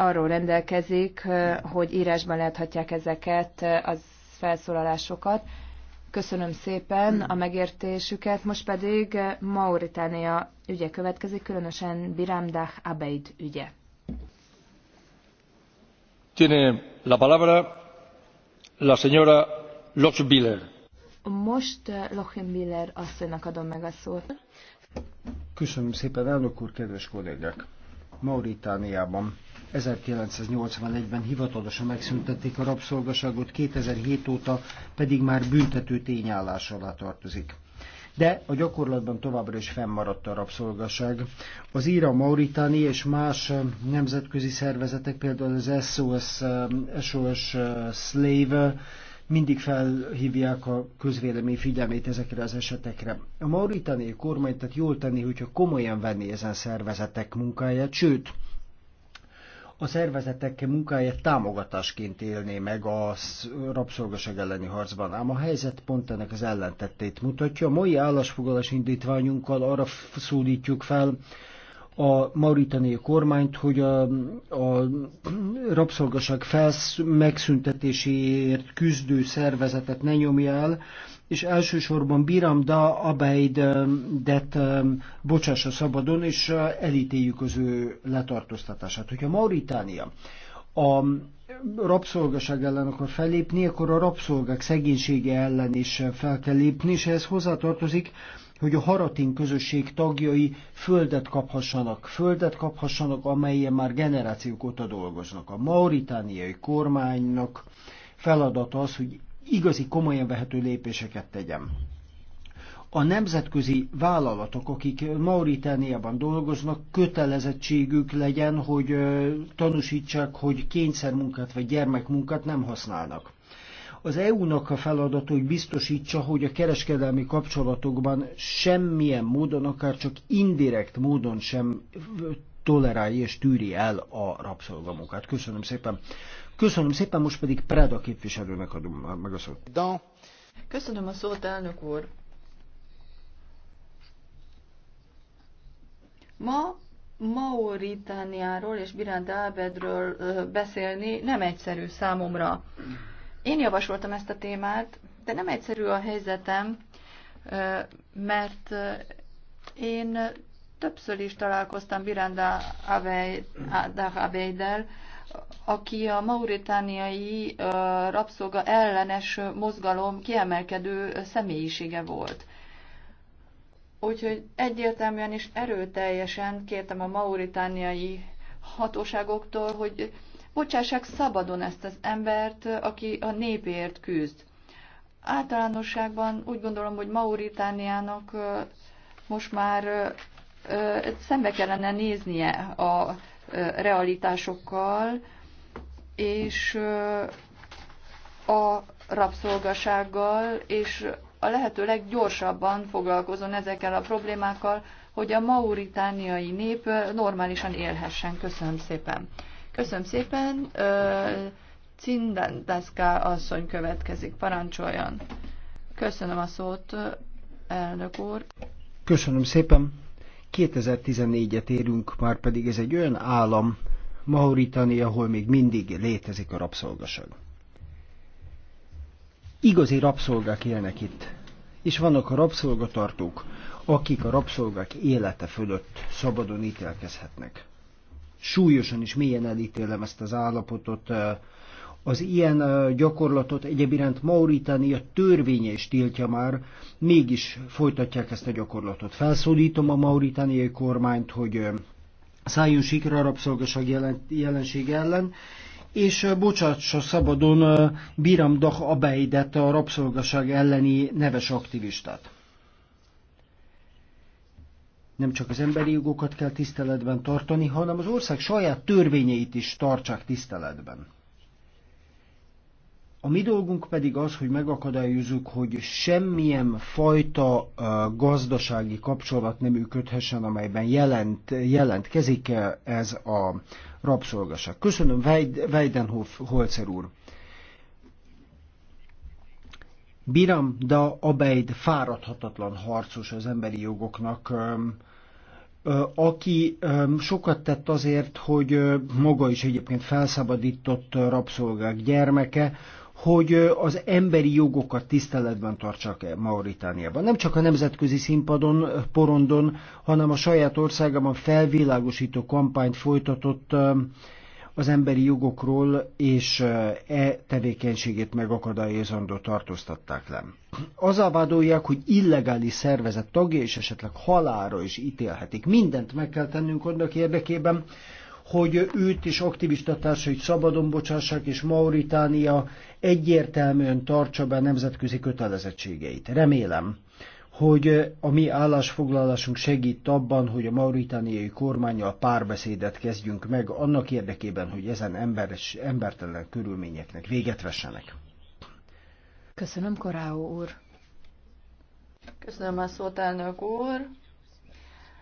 arról rendelkezik, hogy írásban láthatják ezeket az felszólalásokat. Köszönöm szépen a megértésüket, most pedig Mauritánia ügye következik, különösen Biramdah Abeid ügye. Tiene la palabra la señora Lochbiller. Most Lochbiller asszonynak adom meg a szót. Köszönöm szépen, elnök úr, kedves kollégák! Mauritániában. 1981-ben hivatalosan megszüntették a rabszolgaságot, 2007 óta pedig már büntető tényállás alá tartozik. De a gyakorlatban továbbra is fennmaradt a rabszolgaság. Az íra Mauritáni és más nemzetközi szervezetek, például az SOS, SOS Slave mindig felhívják a közvélemény figyelmét ezekre az esetekre. A mauritániai kormány tehát jól tenni, hogyha komolyan venni ezen szervezetek munkáját, sőt, a szervezetek munkáját támogatásként élné meg a rabszolgaság elleni harcban, ám a helyzet pont ennek az ellentettét mutatja. A mai állásfoglalás indítványunkkal arra szólítjuk fel, a mauritani kormányt, hogy a, a rabszolgaság felsz megszüntetéséért küzdő szervezetet ne nyomja el, és elsősorban Biram Da Abeidet bocsássa szabadon, és elítéljük az ő letartóztatását. Hogyha Mauritánia a rabszolgaság ellen akar fellépni, akkor a rabszolgák szegénysége ellen is fel kell lépni, és ehhez hozzátartozik, hogy a Haratin közösség tagjai földet kaphassanak, földet kaphassanak, amelyen már generációk óta dolgoznak. A mauritániai kormánynak feladata az, hogy igazi, komolyan vehető lépéseket tegyen. A nemzetközi vállalatok, akik Mauritániában dolgoznak, kötelezettségük legyen, hogy tanúsítsák, hogy kényszermunkát vagy gyermekmunkát nem használnak. Az EU-nak a feladata, hogy biztosítsa, hogy a kereskedelmi kapcsolatokban semmilyen módon, akár csak indirekt módon sem tolerálja és tűri el a rabszolgamunkát. Köszönöm szépen. Köszönöm szépen, most pedig Preda képviselőnek adom meg a szót. Da. Köszönöm a szót, elnök úr. Ma Mauritániáról és Birand Ábedről beszélni nem egyszerű számomra. Én javasoltam ezt a témát, de nem egyszerű a helyzetem, mert én többször is találkoztam Biranda Abeidel, aki a mauritániai rabszolga ellenes mozgalom kiemelkedő személyisége volt. Úgyhogy egyértelműen és erőteljesen kértem a mauritániai hatóságoktól, hogy bocsássák szabadon ezt az embert, aki a népért küzd. Általánosságban úgy gondolom, hogy Mauritániának most már szembe kellene néznie a realitásokkal, és a rabszolgasággal, és a lehető leggyorsabban foglalkozon ezekkel a problémákkal, hogy a mauritániai nép normálisan élhessen. Köszönöm szépen. Köszönöm szépen. Cindendeszká asszony következik. Parancsoljon. Köszönöm a szót, elnök úr. Köszönöm szépen. 2014-et érünk, már pedig ez egy olyan állam, Mauritania, ahol még mindig létezik a rabszolgaság. Igazi rabszolgák élnek itt, és vannak a rabszolgatartók, akik a rabszolgák élete fölött szabadon ítélkezhetnek súlyosan és mélyen elítélem ezt az állapotot. Az ilyen gyakorlatot egyebiránt Mauritánia törvénye is tiltja már, mégis folytatják ezt a gyakorlatot. Felszólítom a mauritániai kormányt, hogy szálljon sikra a rabszolgaság jelen, jelenség ellen, és bocsássa szabadon Biram Dach Abeidet, a rabszolgaság elleni neves aktivistát nem csak az emberi jogokat kell tiszteletben tartani, hanem az ország saját törvényeit is tartsák tiszteletben. A mi dolgunk pedig az, hogy megakadályozzuk, hogy semmilyen fajta gazdasági kapcsolat nem működhessen, amelyben jelent, jelentkezik -e ez a rabszolgaság. Köszönöm, Weidenhof Holzer úr. Biram da Abeid fáradhatatlan harcos az emberi jogoknak, aki sokat tett azért, hogy maga is egyébként felszabadított rabszolgák gyermeke, hogy az emberi jogokat tiszteletben tartsák -e Mauritániában. Nem csak a nemzetközi színpadon, porondon, hanem a saját országában felvilágosító kampányt folytatott az emberi jogokról és e tevékenységét megakadályozandó tartóztatták le. Azzal vádolják, hogy illegális szervezet tagja, és esetleg halára is ítélhetik. Mindent meg kell tennünk annak érdekében, hogy őt és aktivista társait szabadon bocsássák, és Mauritánia egyértelműen tartsa be nemzetközi kötelezettségeit. Remélem, hogy a mi állásfoglalásunk segít abban, hogy a mauritániai kormányjal párbeszédet kezdjünk meg annak érdekében, hogy ezen emberes, embertelen körülményeknek véget vessenek. Köszönöm, Koráó úr. Köszönöm a szót, elnök úr.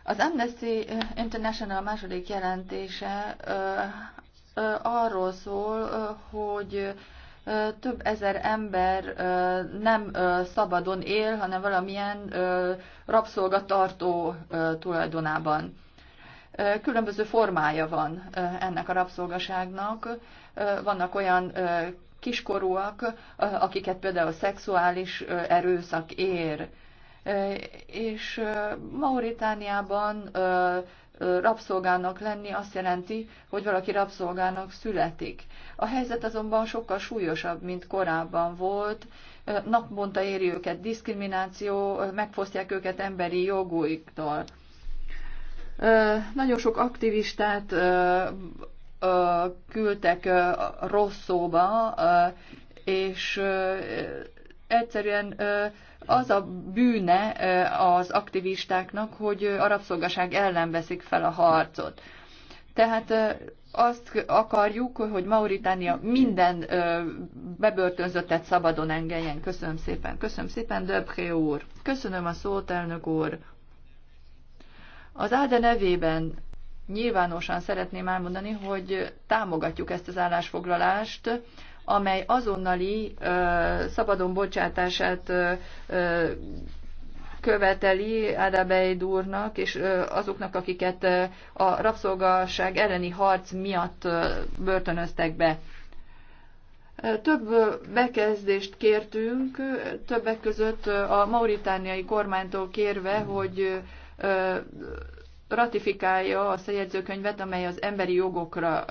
Az Amnesty International második jelentése arról szól, hogy több ezer ember nem szabadon él, hanem valamilyen rabszolgatartó tulajdonában. Különböző formája van ennek a rabszolgaságnak. Vannak olyan kiskorúak, akiket például szexuális erőszak ér. És Mauritániában rabszolgának lenni azt jelenti, hogy valaki rabszolgának születik. A helyzet azonban sokkal súlyosabb, mint korábban volt. Naponta éri őket diszkrimináció, megfosztják őket emberi jogúiktól. Nagyon sok aktivistát küldtek rossz szóba, és egyszerűen az a bűne az aktivistáknak, hogy a rabszolgaság ellen veszik fel a harcot. Tehát azt akarjuk, hogy Mauritánia minden bebörtönzöttet szabadon engedjen. Köszönöm szépen. Köszönöm szépen, Döbré úr. Köszönöm a szót, elnök úr. Az Áde nevében nyilvánosan szeretném elmondani, hogy támogatjuk ezt az állásfoglalást, amely azonnali szabadon bocsátását követeli Adabeid úrnak, és azoknak, akiket a rabszolgasság elleni harc miatt börtönöztek be. Több bekezdést kértünk, többek között a mauritániai kormánytól kérve, hogy ratifikálja azt a jegyzőkönyvet, amely az emberi jogokra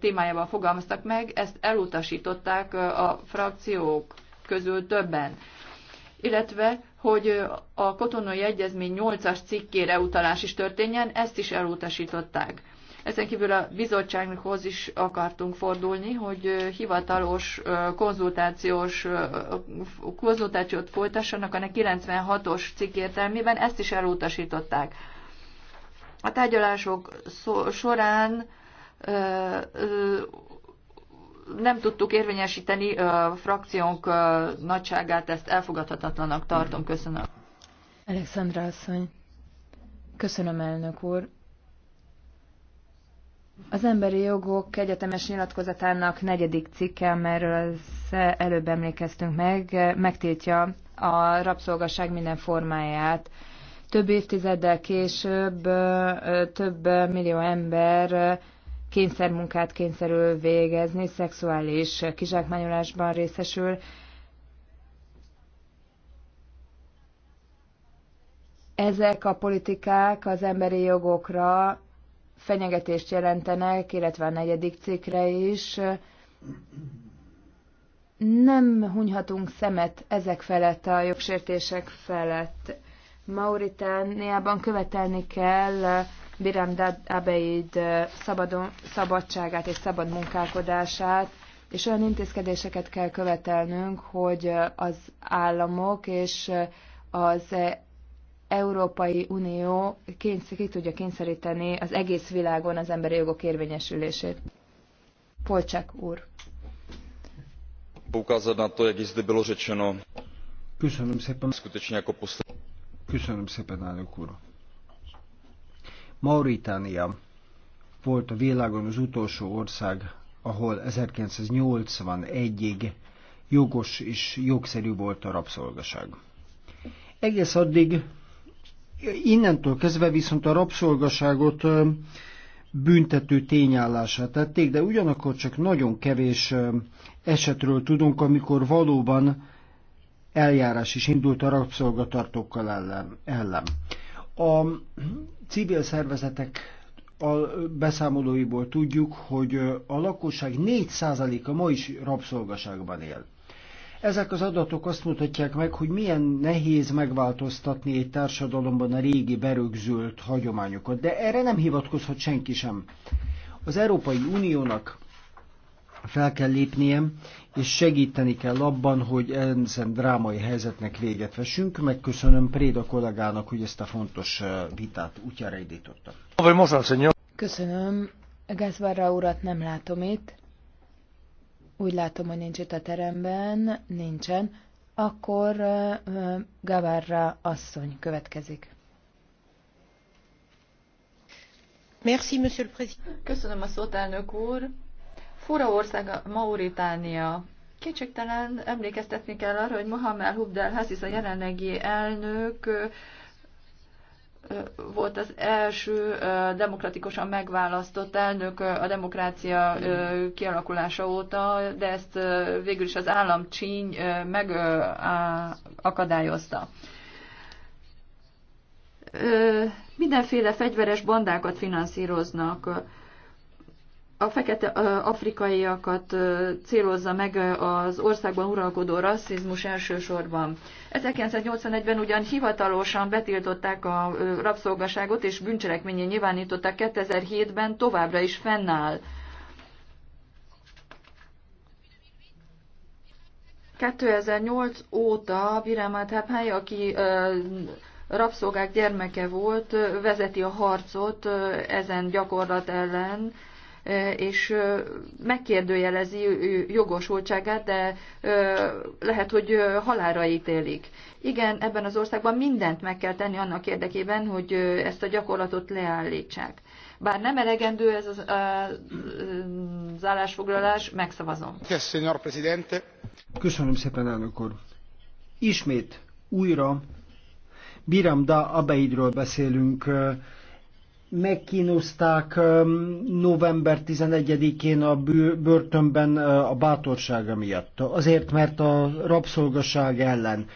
témájában fogalmaztak meg, ezt elutasították a frakciók közül többen. Illetve, hogy a kotonai egyezmény 8-as cikkére utalás is történjen, ezt is elutasították. Ezen kívül a bizottságnakhoz is akartunk fordulni, hogy hivatalos konzultációs, konzultációt folytassanak a 96-os cikk értelmében, ezt is elutasították. A tárgyalások során nem tudtuk érvényesíteni a frakciónk nagyságát, ezt elfogadhatatlanak tartom. Köszönöm. Alexandra asszony, köszönöm elnök úr. Az Emberi Jogok Egyetemes Nyilatkozatának negyedik cikke, amelyről az előbb emlékeztünk meg, megtiltja a rabszolgaság minden formáját. Több évtizeddel később több millió ember kényszermunkát kényszerül végezni, szexuális kizsákmányolásban részesül. Ezek a politikák az emberi jogokra fenyegetést jelentenek, illetve a negyedik cikkre is. Nem hunyhatunk szemet ezek felett, a jogsértések felett. Mauritániában követelni kell eh, Biram Abeid eh, szabadon, szabadságát és szabad munkálkodását, és olyan intézkedéseket kell követelnünk, hogy eh, az államok és az Európai Unió kényszer, ki tudja kényszeríteni az egész világon az emberi jogok érvényesülését. Polcsák úr. Poukázat na to, jak bylo řečeno. Köszönöm szépen. Skutečně jako poslední. Köszönöm szépen, állok úr. Mauritánia volt a világon az utolsó ország, ahol 1981-ig jogos és jogszerű volt a rabszolgaság. Egész addig, innentől kezdve viszont a rabszolgaságot büntető tényállásra tették, de ugyanakkor csak nagyon kevés esetről tudunk, amikor valóban eljárás is indult a rabszolgatartókkal ellen. ellen. A civil szervezetek a beszámolóiból tudjuk, hogy a lakosság 4%-a ma is rabszolgaságban él. Ezek az adatok azt mutatják meg, hogy milyen nehéz megváltoztatni egy társadalomban a régi berögzült hagyományokat, de erre nem hivatkozhat senki sem. Az Európai Uniónak fel kell lépniem, és segíteni kell abban, hogy ezen drámai helyzetnek véget vessünk. Megköszönöm Préda kollégának, hogy ezt a fontos eh, vitát útjára indította. Köszönöm. Gászvárra urat nem látom itt. Úgy látom, hogy nincs itt a teremben. Nincsen. Akkor eh, eh, Gavárra asszony következik. Merci, monsieur le président. Köszönöm a szót, elnök úr fura ország a Mauritánia. Kétségtelen emlékeztetni kell arra, hogy Mohamed Hubdel Hassis a jelenlegi elnök volt az első demokratikusan megválasztott elnök a demokrácia kialakulása óta, de ezt végül is az államcsíny megakadályozta. Mindenféle fegyveres bandákat finanszíroznak a fekete afrikaiakat célozza meg az országban uralkodó rasszizmus elsősorban. 1981-ben ugyan hivatalosan betiltották a rabszolgaságot és bűncselekményén nyilvánították, 2007-ben továbbra is fennáll. 2008 óta Virámát Thephály, aki rabszolgák gyermeke volt, vezeti a harcot ezen gyakorlat ellen, és megkérdőjelezi jogosultságát, de lehet, hogy halára ítélik. Igen, ebben az országban mindent meg kell tenni annak érdekében, hogy ezt a gyakorlatot leállítsák. Bár nem elegendő ez az, az állásfoglalás, megszavazom. Köszönöm szépen, elnök úr. Ismét újra Biram Da Abeidről beszélünk, megkínozták november 11-én a börtönben a bátorsága miatt. Azért, mert a rabszolgaság ellen,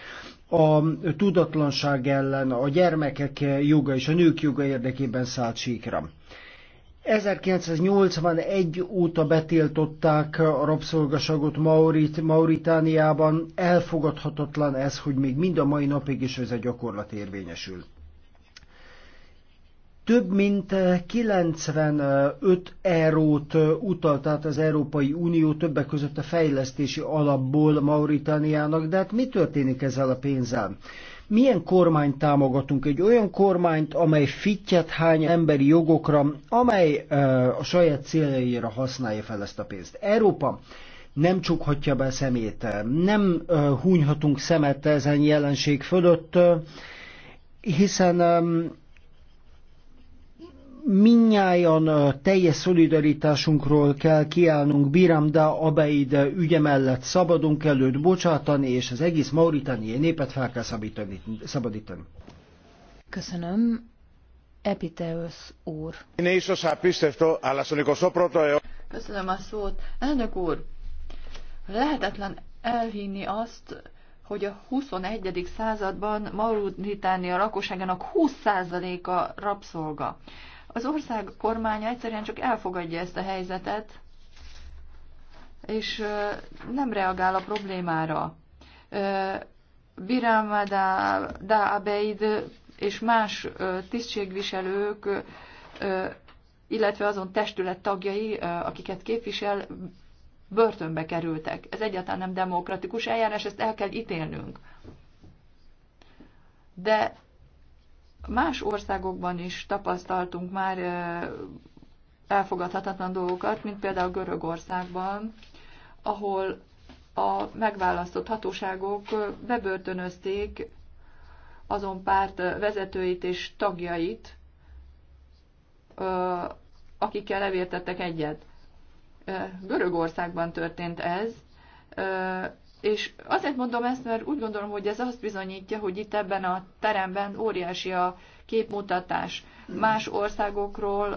a tudatlanság ellen, a gyermekek joga és a nők joga érdekében szállt síkra. 1981 óta betiltották a rabszolgaságot Maurit, Mauritániában. Elfogadhatatlan ez, hogy még mind a mai napig is ez a gyakorlat érvényesült több mint 95 eh, eh, eurót eh, utalt át az Európai Unió többek között a fejlesztési alapból Mauritániának, de hát mi történik ezzel a pénzzel? Milyen kormányt támogatunk? Egy olyan kormányt, amely fittyet hány emberi jogokra, amely a saját céljaira használja fel ezt a pénzt. Európa nem csukhatja be szemét, nem hunyhatunk szemet ezen jelenség fölött, hiszen minnyáján teljes szolidaritásunkról kell kiállnunk Biramda Abeid ügye mellett szabadunk előtt bocsátani, és az egész mauritániai népet fel kell szabadítani. Köszönöm. Epiteus úr. Köszönöm a szót. Elnök úr, lehetetlen elhinni azt, hogy a 21. században Mauritánia lakosságának 20%-a rabszolga. Az ország kormánya egyszerűen csak elfogadja ezt a helyzetet, és nem reagál a problémára. da Abeid és más tisztségviselők, illetve azon testület tagjai, akiket képvisel, börtönbe kerültek. Ez egyáltalán nem demokratikus eljárás, ezt el kell ítélnünk. De Más országokban is tapasztaltunk már elfogadhatatlan dolgokat, mint például Görögországban, ahol a megválasztott hatóságok bebörtönözték azon párt vezetőit és tagjait, akikkel levértettek egyet. Görögországban történt ez, és azért mondom ezt, mert úgy gondolom, hogy ez azt bizonyítja, hogy itt ebben a teremben óriási a képmutatás. Más országokról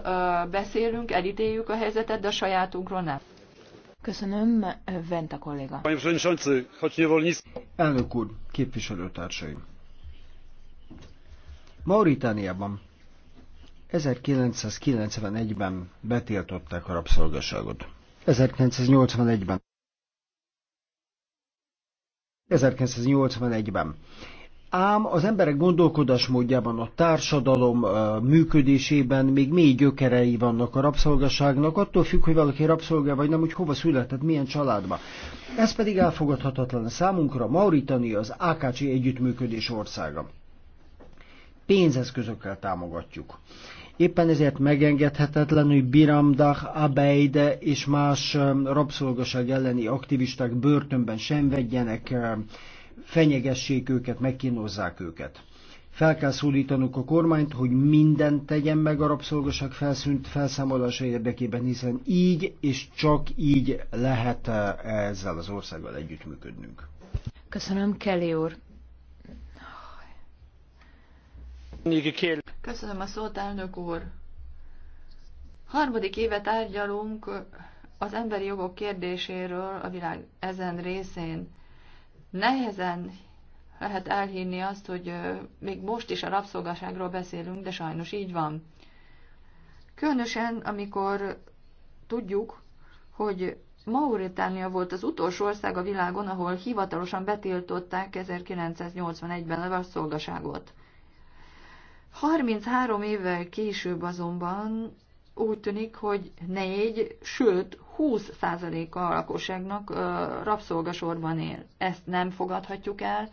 beszélünk, elítéljük a helyzetet, de a sajátunkról nem. Köszönöm, Venta kolléga. Elnök úr, képviselőtársaim! Mauritániában 1991-ben betiltották a rabszolgaságot. 1981-ben 1981-ben. Ám az emberek gondolkodásmódjában, a társadalom működésében még mély gyökerei vannak a rabszolgaságnak, attól függ, hogy valaki rabszolga vagy nem, hogy hova született, milyen családba. Ez pedig elfogadhatatlan számunkra, Mauritania az AKC együttműködés országa. Pénzeszközökkel támogatjuk Éppen ezért megengedhetetlen, hogy Biramdah, Abeide és más rabszolgaság elleni aktivisták börtönben vegyenek fenyegessék őket, megkínozzák őket. Fel kell szólítanunk a kormányt, hogy mindent tegyen meg a rabszolgaság felszűnt felszámolása érdekében, hiszen így és csak így lehet ezzel az országgal együttműködnünk. Köszönöm, Kelly úr. Köszönöm a szót, elnök úr. Harmadik éve tárgyalunk az emberi jogok kérdéséről a világ ezen részén. Nehezen lehet elhinni azt, hogy még most is a rabszolgaságról beszélünk, de sajnos így van. Különösen, amikor tudjuk, hogy Mauritánia volt az utolsó ország a világon, ahol hivatalosan betiltották 1981-ben a rabszolgaságot. 33 évvel később azonban úgy tűnik, hogy 4, sőt 20%-a a lakosságnak rabszolgasorban él. Ezt nem fogadhatjuk el,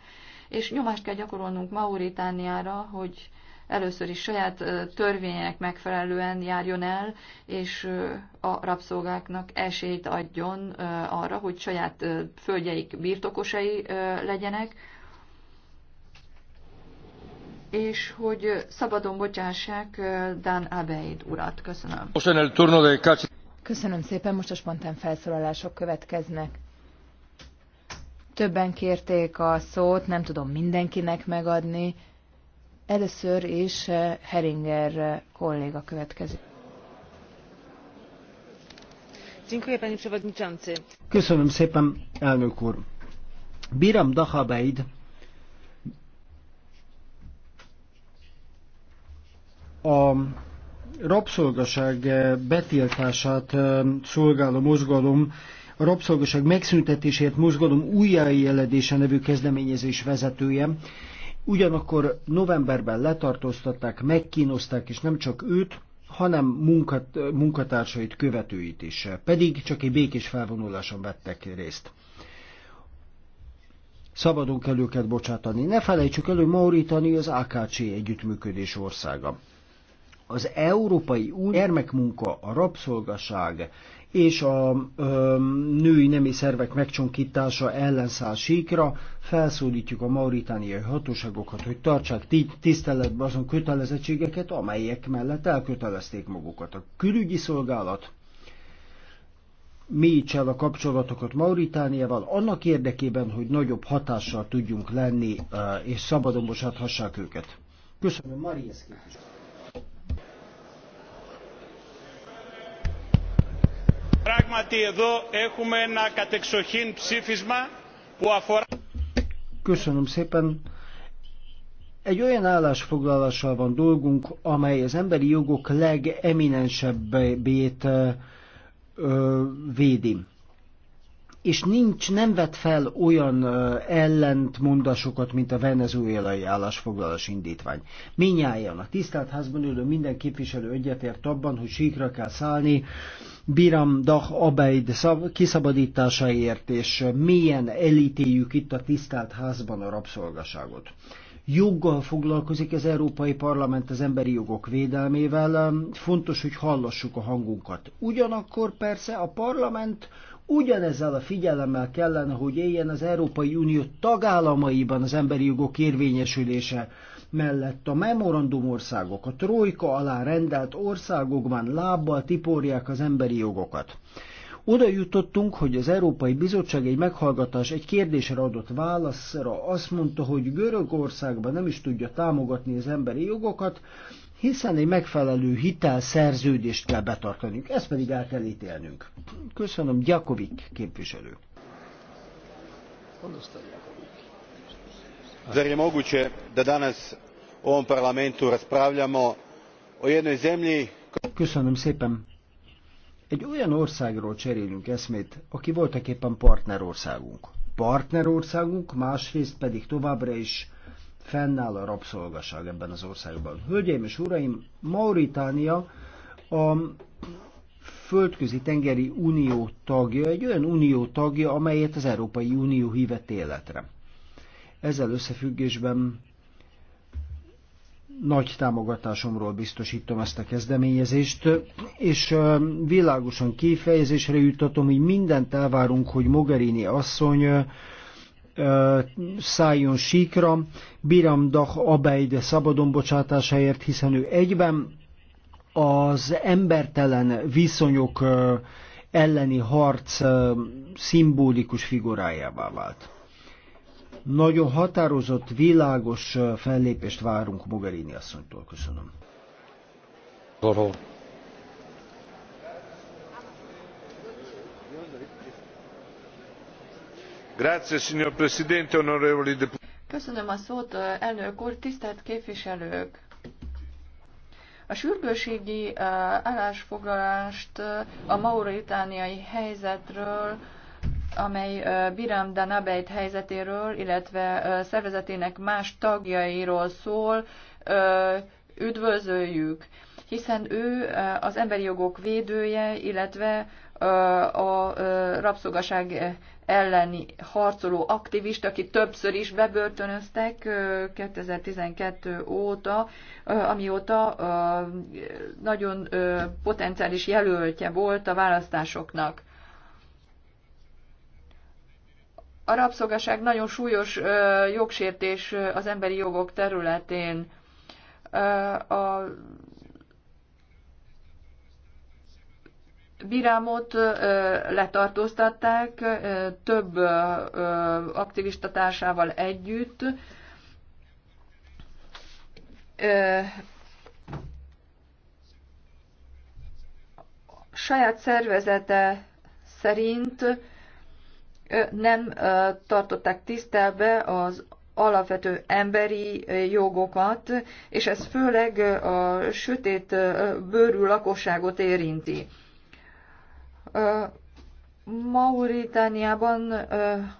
és nyomást kell gyakorolnunk Mauritániára, hogy először is saját törvények megfelelően járjon el, és a rabszolgáknak esélyt adjon arra, hogy saját földjeik birtokosai legyenek, és hogy szabadon bocsássák Dan Abeid urat. Köszönöm. Köszönöm szépen, most a spontán felszólalások következnek. Többen kérték a szót, nem tudom mindenkinek megadni. Először is Heringer kolléga következik. Köszönöm szépen, elnök úr. Biram Dahabeid A rabszolgaság eh, betiltását eh, szolgáló mozgalom a rabszolgaság megszüntetésért mozgalom újjájeledése nevű kezdeményezés vezetője. Ugyanakkor novemberben letartóztatták, megkínozták, és nem csak őt, hanem munkat, munkatársait, követőit is, pedig csak egy békés felvonuláson vettek részt. Szabadon kell őket bocsátani. Ne felejtsük elő, Mauritani az AKC együttműködés országa az Európai Unió gyermekmunka, a rabszolgaság és a ö, női nemi szervek megcsonkítása ellenszáll síkra, felszólítjuk a mauritániai hatóságokat, hogy tartsák tiszteletbe azon kötelezettségeket, amelyek mellett elkötelezték magukat. A külügyi szolgálat mélyítse el a kapcsolatokat Mauritániával, annak érdekében, hogy nagyobb hatással tudjunk lenni, és szabadon bocsáthassák őket. Köszönöm, Marias képviselő. Πράγματι εδώ έχουμε ένα κατεξοχήν ψήφισμα που αφορά... Köszönöm szépen. Egy olyan állásfoglalással van dolgunk, amely az emberi jogok legeminensebbét védi és nincs, nem vett fel olyan ellentmondásokat, mint a venezuelai állásfoglalás indítvány. Minnyáján a tisztelt házban ülő minden képviselő egyetért abban, hogy síkra kell szállni, Biram dach, Abeid kiszabadításáért, és milyen elítéljük itt a tisztelt házban a rabszolgaságot joggal foglalkozik az Európai Parlament az emberi jogok védelmével, fontos, hogy hallassuk a hangunkat. Ugyanakkor persze a parlament Ugyanezzel a figyelemmel kellene, hogy éljen az Európai Unió tagállamaiban az emberi jogok érvényesülése mellett a memorandum országok, a trojka alá rendelt országokban lábbal tiporják az emberi jogokat. Oda jutottunk, hogy az Európai Bizottság egy meghallgatás, egy kérdésre adott válaszra azt mondta, hogy Görögországban nem is tudja támogatni az emberi jogokat, hiszen egy megfelelő hitelszerződést kell betartanunk, ezt pedig el kell ítélnünk. Köszönöm, Gyakovik képviselő. Zar je moguće da danas u ovom parlamentu raspravljamo o jednoj zemlji... Köszönöm szépen. Egy olyan országról cserélünk eszmét, aki voltak éppen partnerországunk. Partnerországunk, másrészt pedig továbbra is fennáll a rabszolgaság ebben az országban. Hölgyeim és uraim, Mauritánia a földközi tengeri unió tagja, egy olyan unió tagja, amelyet az Európai Unió hívett életre. Ezzel összefüggésben nagy támogatásomról biztosítom ezt a kezdeményezést, és világosan kifejezésre juttatom, hogy mindent elvárunk, hogy Mogherini asszony szálljon síkra, Biram Dach Abeide szabadonbocsátásáért, hiszen ő egyben az embertelen viszonyok elleni harc szimbolikus figurájává vált. Nagyon határozott, világos fellépést várunk Mogherini asszonytól. Köszönöm. Doró. Grazie, signor Presidente, onorevoli deputati. Köszönöm a szót, elnök úr, tisztelt képviselők! A sürgőségi állásfoglalást a mauritániai helyzetről, amely Biram Danabeit helyzetéről, illetve szervezetének más tagjairól szól, üdvözöljük, hiszen ő az emberi jogok védője, illetve a rabszolgaság elleni harcoló aktivist, aki többször is bebörtönöztek 2012 óta, amióta nagyon potenciális jelöltje volt a választásoknak. A rabszolgaság nagyon súlyos jogsértés az emberi jogok területén. A Birámot letartóztatták több aktivista társával együtt. Saját szervezete szerint nem tartották tisztelbe az alapvető emberi jogokat, és ez főleg a sötét bőrű lakosságot érinti. Mauritániában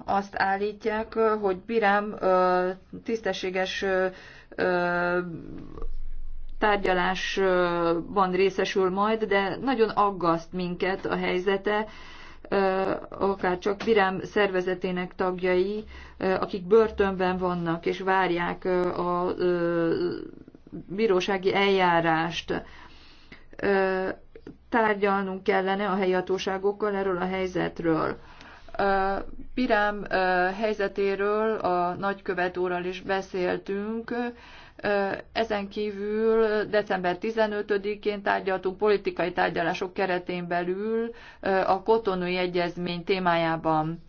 azt állítják, hogy Birám tisztességes tárgyalásban részesül majd, de nagyon aggaszt minket a helyzete, akár csak Birám szervezetének tagjai, akik börtönben vannak és várják a bírósági eljárást tárgyalnunk kellene a helyi hatóságokkal erről a helyzetről. Pirám helyzetéről a nagykövet is beszéltünk. Ezen kívül december 15-én tárgyaltunk politikai tárgyalások keretén belül a kotonói egyezmény témájában.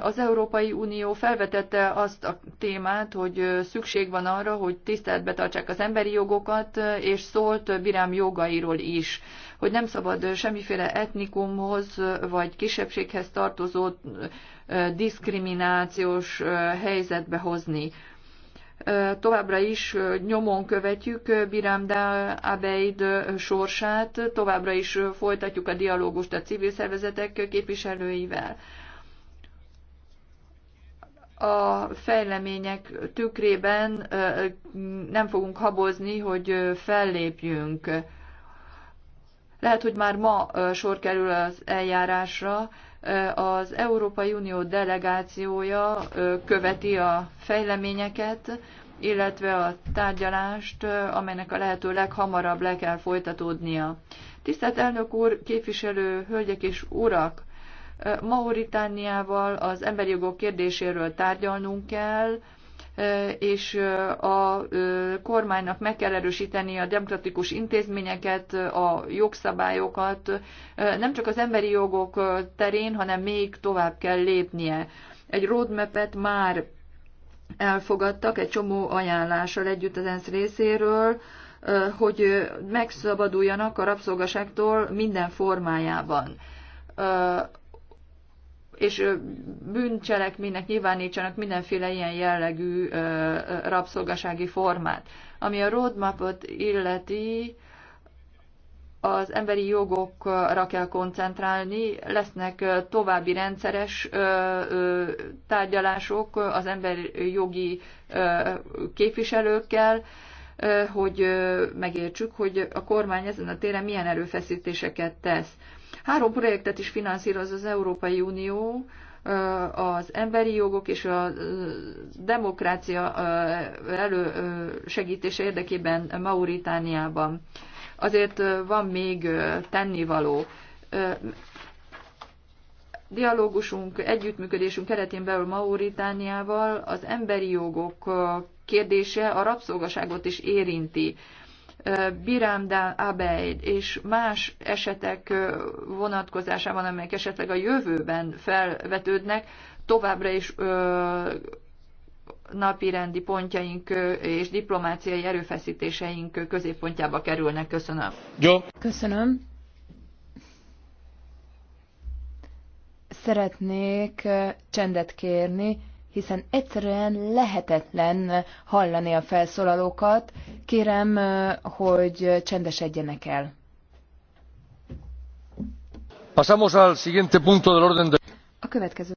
Az Európai Unió felvetette azt a témát, hogy szükség van arra, hogy tiszteletbe tartsák az emberi jogokat, és szólt Birám jogairól is, hogy nem szabad semmiféle etnikumhoz vagy kisebbséghez tartozó diszkriminációs helyzetbe hozni. Továbbra is nyomon követjük Biramda Abeid sorsát, továbbra is folytatjuk a dialógust a civil szervezetek képviselőivel a fejlemények tükrében nem fogunk habozni, hogy fellépjünk. Lehet, hogy már ma sor kerül az eljárásra. Az Európai Unió delegációja követi a fejleményeket, illetve a tárgyalást, amelynek a lehető leghamarabb le kell folytatódnia. Tisztelt elnök úr, képviselő, hölgyek és urak! Mauritániával az emberi jogok kérdéséről tárgyalnunk kell, és a kormánynak meg kell erősíteni a demokratikus intézményeket, a jogszabályokat. Nem csak az emberi jogok terén, hanem még tovább kell lépnie. Egy roadmap-et már elfogadtak egy csomó ajánlással együtt az ENSZ részéről, hogy megszabaduljanak a rabszolgaságtól minden formájában és bűncselekménynek nyilvánítsanak mindenféle ilyen jellegű rabszolgasági formát. Ami a roadmapot illeti, az emberi jogokra kell koncentrálni, lesznek további rendszeres tárgyalások az emberi jogi képviselőkkel, hogy megértsük, hogy a kormány ezen a téren milyen erőfeszítéseket tesz. Három projektet is finanszíroz az Európai Unió, az emberi jogok és a demokrácia elősegítése érdekében Mauritániában. Azért van még tennivaló. Dialógusunk, együttműködésünk keretén belül Mauritániával az emberi jogok kérdése a rabszolgaságot is érinti. Biramdán Abeid és más esetek vonatkozásában, amelyek esetleg a jövőben felvetődnek, továbbra is napirendi pontjaink és diplomáciai erőfeszítéseink középpontjába kerülnek. Köszönöm. Jó. Köszönöm. Szeretnék csendet kérni hiszen egyszerűen lehetetlen hallani a felszólalókat. Kérem, hogy csendesedjenek el. Pasamos A következő